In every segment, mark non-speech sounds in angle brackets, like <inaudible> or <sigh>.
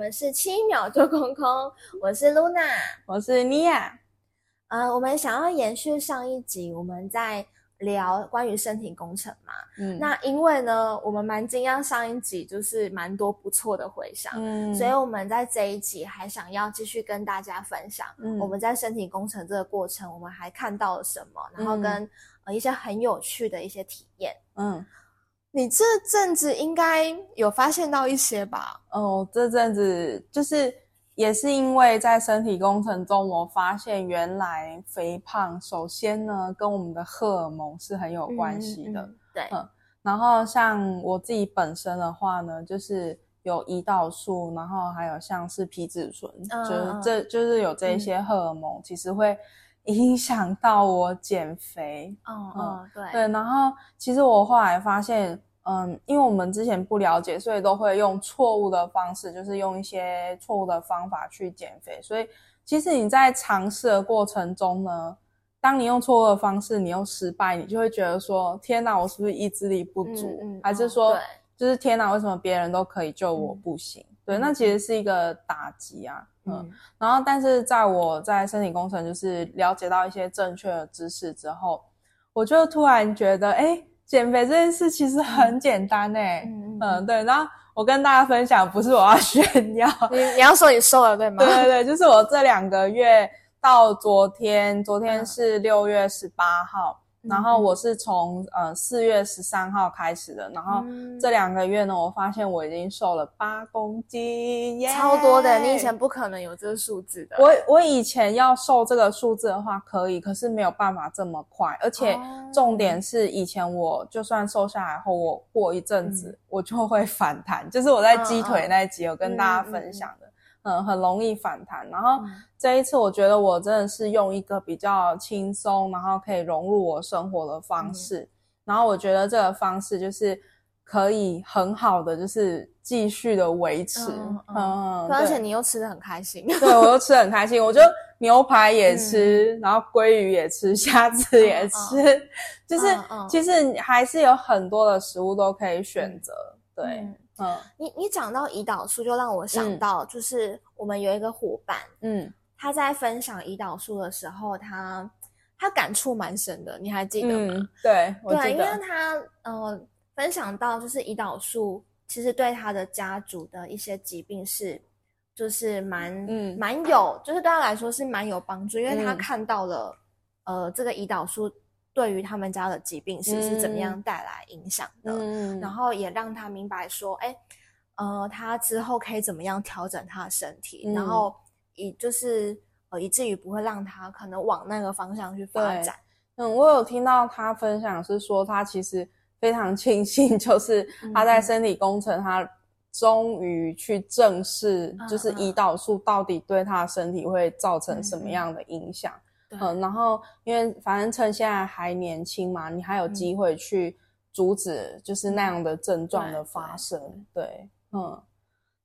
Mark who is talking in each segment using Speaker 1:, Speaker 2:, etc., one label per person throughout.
Speaker 1: 我們是七秒做空空，我是露娜，我是妮亞。呃，uh, 我們想要延續上一集，我們在聊關於身體工程嘛。嗯，那因為呢，我們蠻驚訝上一集就是蠻多不錯的回響，嗯，所以我們在這一集還想要繼續跟大家分享，我們在身體工程這個過程，我們還看到了什麼，嗯、然後跟呃一些很有趣的一些體驗。嗯。你這陣
Speaker 2: 子應該有發現到一些吧？哦，這陣子就是也是因為在身體工程中，我發現原來肥胖首先呢跟我們的荷爾蒙是很有關係的。嗯嗯、對、嗯，然後像我自己本身的話呢，就是有胰島素，然後還有像是皮質醇，啊、就是這就是有這一些荷爾蒙、嗯、其實會。影響到我減肥，嗯、oh, oh, 嗯，對對。對，然後其實我後來發現，嗯，因為我們之前不了解，所以都會用錯誤的方式，就是用一些錯誤的方法去減肥。所以其實你在嘗試的過程中呢，當你用錯誤的方式，你用失敗，你就會覺得說：天哪，我是不是意志力不足？嗯嗯哦、還是說，對就是天哪，為什麼別人都可以就，就我、嗯、不行？對，那其實是一個打擊啊，呃、嗯，然後但是在我在身體工程就是了解到一些正確的知識之後，我就突然覺得，誒，減肥這件事其實很簡單誒，嗯、呃、對，然後我跟大家分享，不是我要炫耀，你你要說你瘦了對嗎？對對，就是我這兩個月到昨天，昨天是六月十八號。嗯然後我是從呃四月十三號開始的，然後這兩個月呢，我發現我已經瘦了八公斤，yeah! 超多的，你以前不可
Speaker 1: 能有這個數字的。我
Speaker 2: 我以前要瘦這個數字的話可以，可是沒有辦法這麼快，而且重點是以前我就算瘦下來後，我過一陣子我就會反彈，就是我在雞腿那一集有跟大家分享的。嗯，很容易反彈。然後這一次，我覺得我真的是用一個比較輕鬆，嗯、然後可以融入我生活的方式。嗯、然後我覺得這個方式就是可以很好的，就是繼續的維持。嗯，嗯嗯，而且你
Speaker 1: 又吃得很開心。對，我又
Speaker 2: 吃得很開心，我就牛排也吃，嗯、然後鮭魚也吃，蝦子也吃，嗯嗯嗯、 <laughs> 就是，嗯嗯、其實還是有很多的食物都可以選擇。嗯、對。嗯
Speaker 1: 你你講到胰島素，就讓我想到，就是我們有一個夥伴，嗯，他在分享胰島素的時候，他他感觸蠻深的，你還記得嗎？對、嗯，對，對，因為他呃分享到，就是胰島素其實對他的家族的一些疾病是，就是蠻、嗯、蠻有，就是對他來說是蠻有幫助，因為他看到了、嗯、呃這個胰島素。對於他們家的疾病史是怎麼樣帶來影響的，嗯嗯、然後也讓他明白說，哎，呃，他之後可以怎麼樣調整他的身體，嗯、然後以就是呃以至於不會讓他可能往那個方向去發
Speaker 2: 展。嗯，我有聽到他分享是說，他其實非常慶幸，就是他在身體工程，他終於去正視，就是胰島素到底對他的身體會造成什麼樣的影響。嗯嗯對嗯，然後因為反正趁現在還年輕嘛，你還有機會去阻止，就是那樣的症狀的發生。對，對，對，嗯。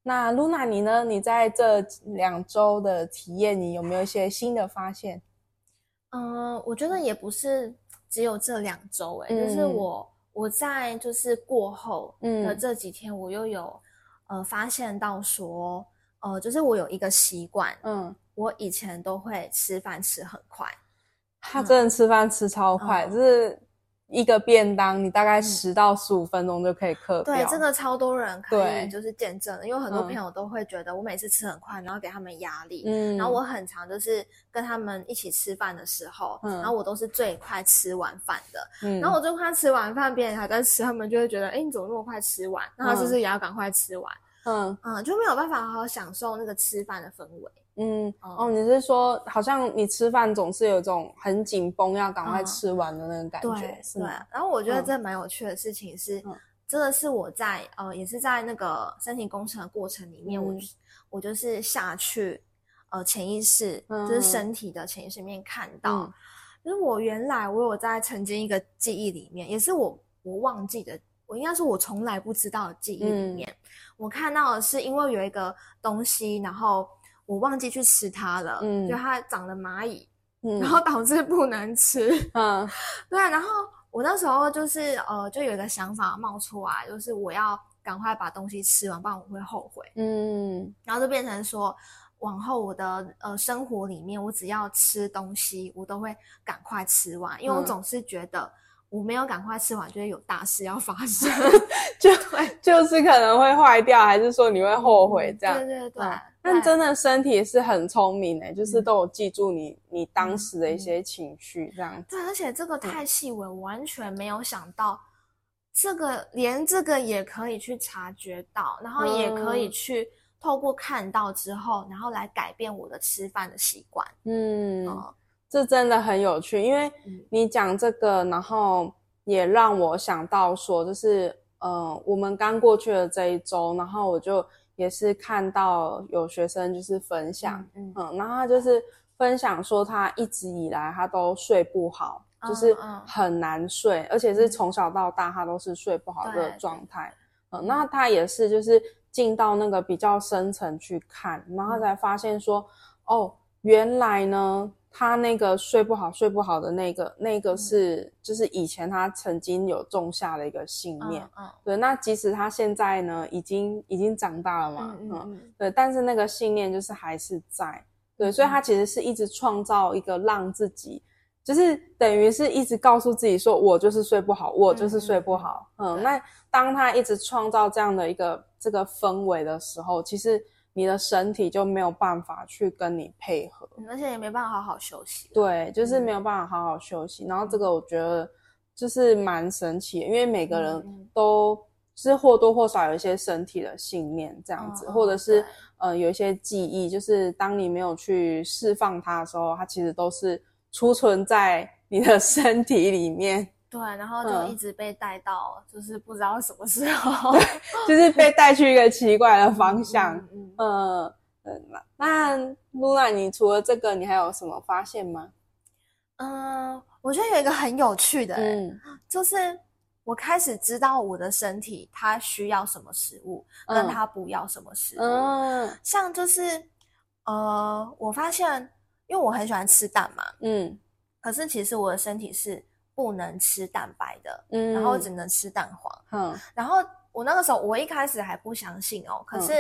Speaker 2: 那 Luna 你呢？你在這兩周的體驗，你有沒有一些新的發現？嗯、呃，我覺得也不
Speaker 1: 是只有這兩周哎、欸，嗯、就是我我在就是過後嗯的這幾天，我又有呃發現到說呃，就是我有一個習慣嗯。我以前都會吃飯吃很快，
Speaker 2: 他真的吃飯吃超快，就、嗯、是一個便當，嗯、你大概十到十五分鐘就可以刻。對，真的
Speaker 1: 超多人，對，就是見證，對因為很多朋友都會覺得我每次吃很快，嗯、然後給他們壓力。嗯，然後我很常就是跟他們一起吃飯的時候，嗯，然後我都是最快吃完飯的。嗯，然後我最快吃完飯，別人還在吃，他們就會覺得，哎，你怎麼那麼快吃完？那他是不是也要趕快吃完。嗯嗯嗯，就沒有辦法好好享受那個吃飯的氛
Speaker 2: 圍。嗯哦，你是說好像你吃飯總是有一種很緊繃，要趕快吃完的那種感覺，是嗎、嗯？然
Speaker 1: 後我覺得這蠻有趣的事情是，嗯、真的是我在呃，也是在那個身體工程的過程裡面，嗯、我我就是下去呃，潛意識就是身體的潛意識裡面看到，嗯嗯、就是我原來我有在曾經一個記憶裡面，也是我我忘記的。我應該是我從來不知道的記憶裡面，嗯、我看到的是因為有一個東西，然後我忘記去吃它了，嗯，就它長了螞蟻，嗯，然後導致不能吃，嗯， <laughs> 對、啊，然後我那時候就是呃，就有一個想法冒出來，就是我要趕快把東西吃完，不然我會後悔，嗯，然後就變成說，往後我的呃生活裡面，我只要吃東西，我都會趕快吃完，因為我總是覺得。嗯我沒有趕快吃完，就會有大事要發生，
Speaker 2: 就 <laughs> 對 <laughs> 就是可能會壞掉，還是說你會後悔、嗯、這樣？對，對對對。嗯、對，但真的身體是很聰明誒，對就是都有記住你你當時的一些情緒這樣。對，而
Speaker 1: 且這個太細微，嗯、我完全沒有想到，這個連這個也可以去察覺到，然後也可以去透過看到之後，嗯、然後來改變我的吃飯的習慣。
Speaker 2: 嗯。嗯是真的很有趣，因為你講這個，然後也讓我想到說，就是嗯、呃，我們剛過去的這一周，然後我就也是看到有學生就是分享，嗯，嗯，嗯，然後他就是分享說，他一直以來他都睡不好，嗯、就是很難睡，嗯、而且是從小到大他都是睡不好的狀態。嗯，那他也是就是進到那個比較深層去看，然後才發現說，哦，原來呢。他那個睡不好，睡不好的那個，那個是就是以前他曾經有種下的一個信念，嗯，嗯對。那即使他現在呢，已經已經長大了嘛，嗯，嗯，嗯，對。但是那個信念就是還是在，對。所以他其實是一直創造一個讓自己，嗯，就是等於是一直告訴自己說，我就是睡不好，我就是睡不好。嗯，嗯，那當他一直創造這樣的一個這個氛圍的時候，其實。你的身體就沒有辦法去跟你配合，
Speaker 1: 而且也沒辦法好好休息。對，
Speaker 2: 就是沒有辦法好好休息。嗯、然後這個我覺得就是蠻神奇的，因為每個人都，是或多或少有一些身體的信念，這樣子，嗯、或者是、哦、呃有一些記憶，就是當你沒有去釋放它的時候，它其實都是儲存在你的身體裡面。
Speaker 1: 對，然後就一直被帶到，嗯、就是不知道什麼時候，
Speaker 2: <laughs> 就是被帶去一個奇怪的方向。嗯，嗯，嗯，那那 Luna，你除了這個，你還有什麼發現嗎？嗯，我覺得
Speaker 1: 有一個很有趣的、欸，嗯，就是我開始知道我的身體它需要什麼食物，嗯、但它不要什麼食物。嗯，像就是呃，我發現，因為我很喜歡吃蛋嘛，嗯，可是其實我的身體是。不能吃蛋白的，嗯，然後只能吃蛋黃，嗯，然後我那個時候我一開始還不相信哦，可是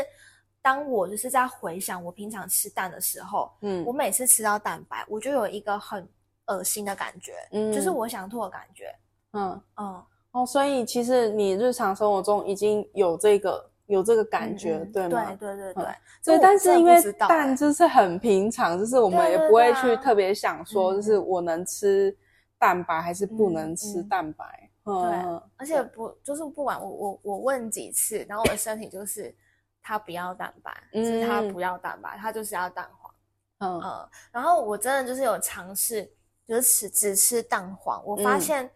Speaker 1: 當我就是在回想我平常吃蛋的時候，嗯，我每次吃到蛋白，我就有一個很噁心的感覺，嗯，就是我想吐的感覺，嗯
Speaker 2: 嗯，哦，所以其實你日常生活中已經有這個有這個感覺，對嗎？對對
Speaker 1: 對對，對，但是因為
Speaker 2: 蛋就是很平常，就是我們也不會去特別想說，就是我能吃。蛋白還是不能吃蛋白，嗯嗯、呵
Speaker 1: 對，而且不就是不管我我我問幾次，然後我的身體就是他不要蛋白，嗯，他不要蛋白，他就是要蛋黃，嗯嗯，然後我真的就是有嘗試，就是只，只吃蛋黃，我發現、嗯、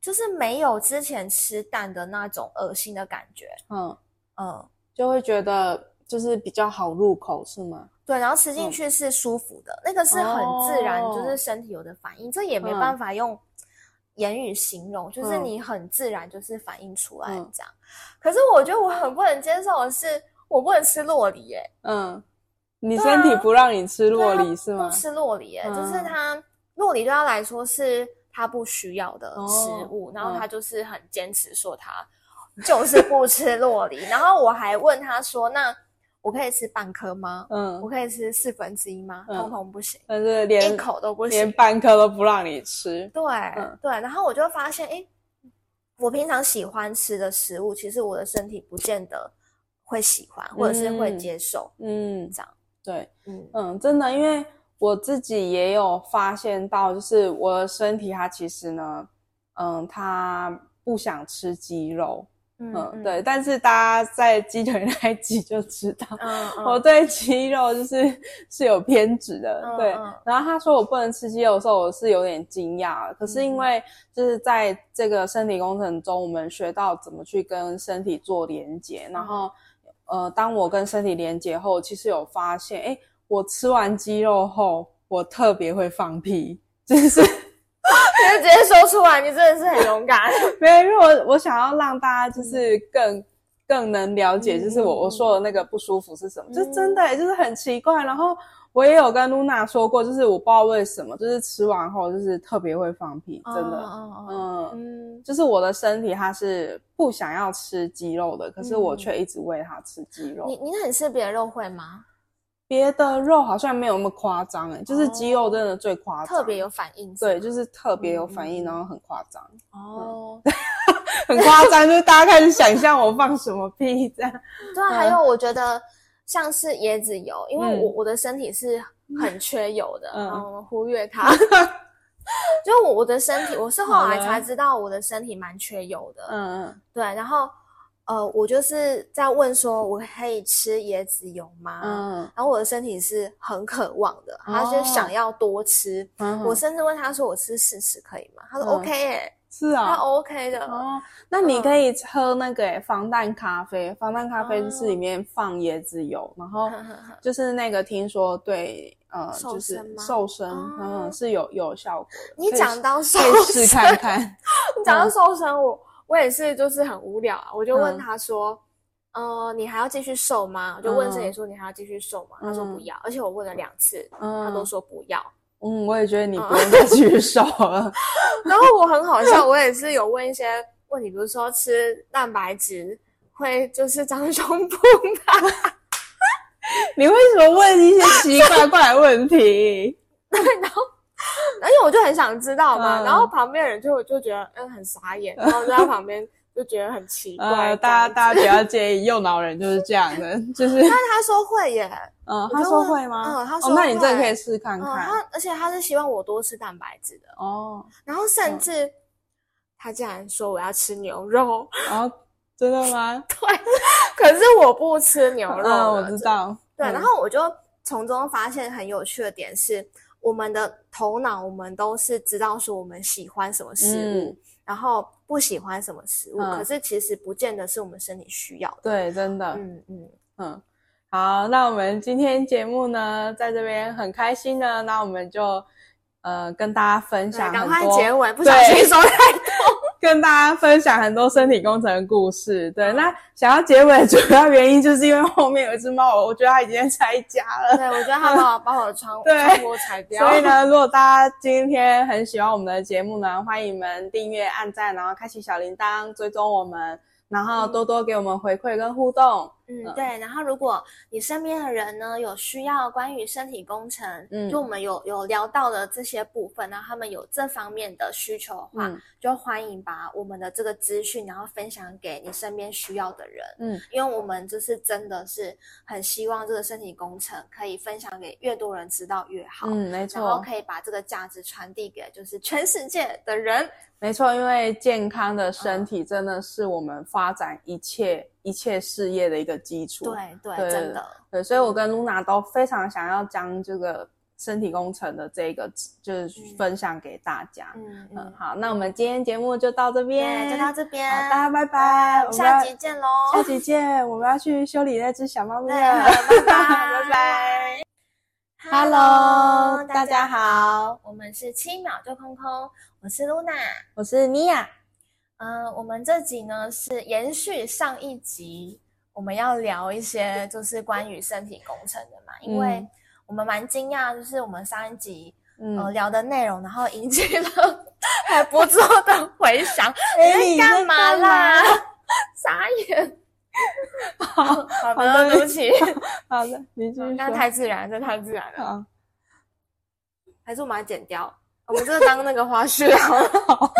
Speaker 1: 就是沒有之前吃蛋的那種噁心的感覺，嗯
Speaker 2: 嗯，嗯就會覺得就是比較好入口，是嗎？對，
Speaker 1: 然後吃進去
Speaker 2: 是舒服的，那個是很自然，就是
Speaker 1: 身體有的反應，這也沒辦法用言語形容，就是你很自然就是反應出來這樣。可是我覺得我很不能接受的是，我不能吃酪梨誒嗯，
Speaker 2: 你身體不讓你吃酪梨是嗎？不吃
Speaker 1: 酪梨，就是他酪梨對他來說是他不需要的食物，然後他就是很堅持說他就是不吃酪梨，然後我還問他說那。我可以吃半顆嗎？嗯，我可以吃四分之一嗎？通通不行，一、嗯、口都不行，連半
Speaker 2: 顆都不讓你吃。對、嗯、
Speaker 1: 對，然後我就發現，哎、欸，我平常喜歡吃的食物，其實我的身
Speaker 2: 體不見得會喜歡，或者是會接
Speaker 1: 受。嗯，這樣、嗯、
Speaker 2: 對，嗯嗯，真的，因為我自己也有發現到，就是我的身體它其實呢，嗯，它不想吃雞肉。嗯，嗯，嗯，對，但是大家在雞腿那一集就知道，嗯嗯，我對雞肉就是是有偏執的，對。嗯嗯，然後他說我不能吃雞肉的時候，我是有點驚訝。可是因為就是在這個身體工程中，我們學到怎麼去跟身體做連接。然後，呃，當我跟身體連接後，其實有發現，哎、欸，我吃完雞肉後，我特別會放屁，就是。 <laughs> 直接說出來，你真的是很勇敢。 <laughs> 沒有，因為我我想要讓大家就是更、嗯、更能了解，就是我我說的那個不舒服是什麼，嗯、就是真的、欸，就是很奇怪。然後我也有跟嚕那說過，就是我不知道為什麼，就是吃完後就是特別會放屁，真的。啊啊啊、嗯就是我的身體它是不想要吃雞肉的，可是我卻一直餵它吃雞肉。嗯、
Speaker 1: 你你很吃別的肉會嗎？
Speaker 2: 別的肉好像沒有那麼誇張，誒，就是肌肉真的最誇張，特
Speaker 1: 別有反應。對，
Speaker 2: 就是特別有反應，然後很誇張。哦，很誇張，就是大家開始想象我放什麼屁這樣。
Speaker 1: 對，還有我覺得像是椰子油，因為我我的身體是很缺油的，然後我們忽略它。就我我的身體，我是後來才知道我的身體蠻缺油的。嗯嗯。對，然後。呃，我就是在問說，我可以吃椰子油嗎？嗯，然後我的身體是很渴望的，他就想要多吃。我甚至問他說，我吃四十可以嗎？他說 OK，誒
Speaker 2: 是啊，他 OK 的。哦，那你可以喝那個防彈咖啡，防彈咖啡是裡面放椰子油，然後就是那個聽說對，呃，就是瘦身嗯，是有有效果。你講到瘦身，試看看。
Speaker 1: 你講到瘦身，我。我也是，就是很無聊啊，我就問他說，嗯、呃，你還要繼續瘦嗎？嗯、我就問身體說，你還要繼續瘦嗎？嗯、他說不要，而且我問了兩次，嗯、他都說不要。
Speaker 2: 嗯，我也覺得你不用再繼續瘦了。
Speaker 1: 嗯、 <laughs> 然後我很好笑，我也是有問一些問題，比如說吃蛋白質會就是長胸部嗎？
Speaker 2: <laughs> 你為什麼問一些奇奇怪怪的問題？ <laughs> <laughs> 對，然後。
Speaker 1: 而且我就很想知道嘛，然後旁邊人就就覺得嗯很傻眼，然後在他旁邊就覺得很奇
Speaker 2: 怪。大家大家不要介意，右腦人就是這樣的，就是。他
Speaker 1: 他說會耶，嗯，
Speaker 2: 他說會嗎？嗯，他說。那你真的可以試看看。
Speaker 1: 他而且他是希望我多吃蛋白質的哦，然後甚至他竟然說我要吃牛肉然後真的嗎？對，可是我不吃牛肉，我知道。對，然後我就從中發現很有趣的點是。我們的頭腦，我們都是知道說我們喜歡什麼食物，嗯、然後不喜歡什麼食物。嗯、可是其實不見得是我們身體需
Speaker 2: 要的。對，真的。嗯嗯嗯。好，那我們今天節目呢，在這邊很開心的。那我們就呃跟大家分享，趕快結尾，不小心說太多。對 <laughs> 跟大家分享很多身體工程的故事，對。那想要結尾的主要原因，就是因為後面有一隻貓，我覺得它已經在拆家了。對，我覺得它、嗯、
Speaker 1: 把我的窗窗戶拆掉。對所以呢，
Speaker 2: <laughs> 如果大家今天很喜歡我們的節目呢，歡迎你們訂閱、按讚，然後開啟小鈴鐺，追蹤我們，然後多多給我們回饋跟互動。嗯嗯，對。然後，如果你身邊的人呢，有需要關於身
Speaker 1: 體工程，嗯，就我們有有聊到的這些部分，然後他們有這方面的需求的話，嗯，就歡迎把我們的這個資訊，然後分享給你身邊需要的人，嗯，因為我們就是真的是很希望這個身體工程可以分享給越多人知道越好，嗯，沒錯，然後可以把這個價值傳遞給就是全
Speaker 2: 世界的人，沒錯，因為健康的身體真的是我們發展一切。嗯一切事業的一個基礎。對對，真的。對，所以，我跟露娜都非常想要將這個身體工程的這個，就是分享給大家。嗯好，那我們今天節目就到這邊，就到這邊。大家拜拜，我們下集見嘍！下集見，我們要去修理那隻小貓露娜。拜拜。Hello，大家
Speaker 1: 好，我們是七秒就空空，我是露娜，我是尼婭。嗯、呃，我們這集呢是延續上一集，我們要聊一些就是關於身體工程的嘛，因為我們蠻驚訝，就是我們上一集、嗯、呃聊的內容，然後引起了還不錯的回響。嗯欸、你在幹嘛啦？嘛啦傻眼。好、哦、
Speaker 2: 好的，好的對不起。好的，你繼續說，那太自然，這太自然了。然
Speaker 1: 了好還是我們來剪掉，
Speaker 2: 我們就當那個花絮好了。 <laughs> <laughs> 好